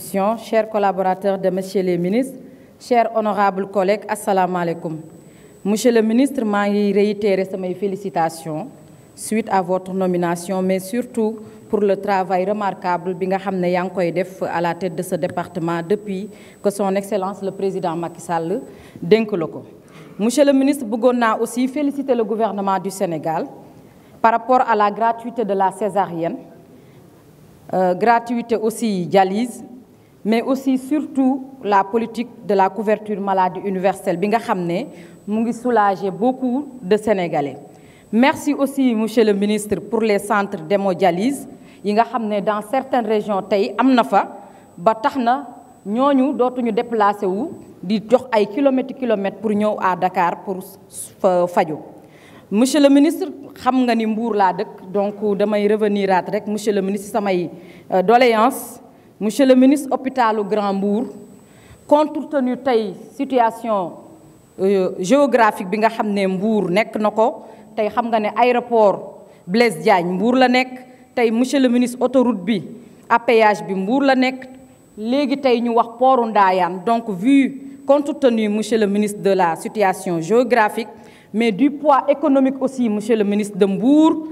Chers collaborateurs de Monsieur le Ministre, chers honorables collègues, assalamu alaikum. Monsieur le ministre, je réitérer mes félicitations suite à votre nomination, mais surtout pour le travail remarquable que vous avez à la tête de ce département depuis que son Excellence le Président Macky Sall Denkoloko. Monsieur le ministre, a aussi félicité le gouvernement du Sénégal par rapport à la gratuité de la césarienne, euh, gratuité aussi dialyse, mais aussi surtout la politique de la couverture maladie universelle bi nga xam beaucoup de Sénégalais. Merci aussi monsieur le ministre pour les centres d'hémodialyse yi nga dans certaines régions Tay Amnafa, na fa ba tax na ñooñu dootuñu déplacer kilomètres pour à Dakar pour des monsieur le ministre je nga que Mbour suis là, donc vais revenir à rek monsieur le ministre ma euh, doléance monsieur le ministre au Grand bourg compte tenu de la situation euh, géographique bi nga xamné Mbour nek nako tay xam nga né aéroport Blaise Diagne Mbour la nek tay monsieur le ministre autoroute bi à péage bi Mbour la nek légui tay ñu wax portu donc vu compte tenu monsieur le ministre de la situation géographique mais du poids économique aussi monsieur le ministre de Mbour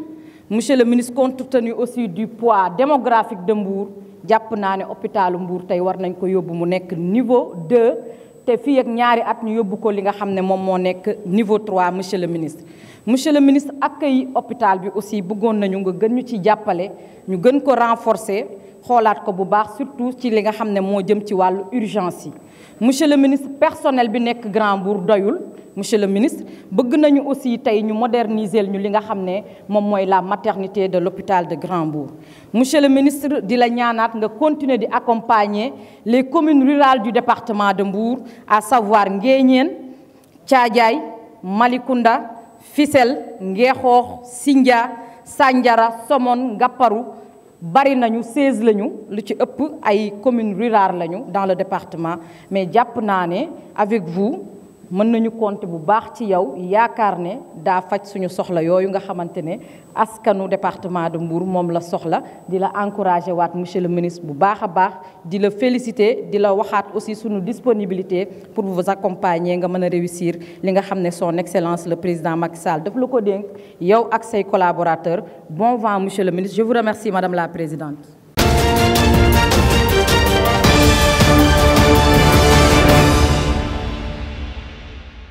monsieur le ministre compte tenu aussi du poids démographique de Mbour jàpp naa ne hôpitalu Mbour tey war nañ ko yóbbu mu nekk niveau 2 te fii ak ñaari at ñu yóbbu ko li nga xam ne moom moo nekk niveau 3 monsieur le ministre. monsieur le ministre accueil hôpital bi aussi bëggoon nañu nga gën ñu ci jàppale ñu gën ko renforcer. ko surtout ci li nga une mo jëm ci urgence monsieur le ministre personnel bi Nek Grand Bourg, doyul monsieur le ministre bëgg nañu aussi tay ñu moderniser ñu li nga la maternité de l'hôpital de Grand Bourg. monsieur le ministre di la nga continuer di les communes rurales du département de Mbour à savoir ngéñen Thiadiaye Malikunda, Fissel ngéxox Sindia Sandiara Somone Gapparu, bari nañu 16 lañu lu ci ëpp ay communes rurales dans le département mais jàpp avec vous mën nañu compter bu département de Mbour la encourager le ministre féliciter aussi suñu disponibilité pour vous accompagner nga réussir li nga son excellence le président Macky Sall de collaborateurs bon vent monsieur le ministre je vous remercie madame la présidente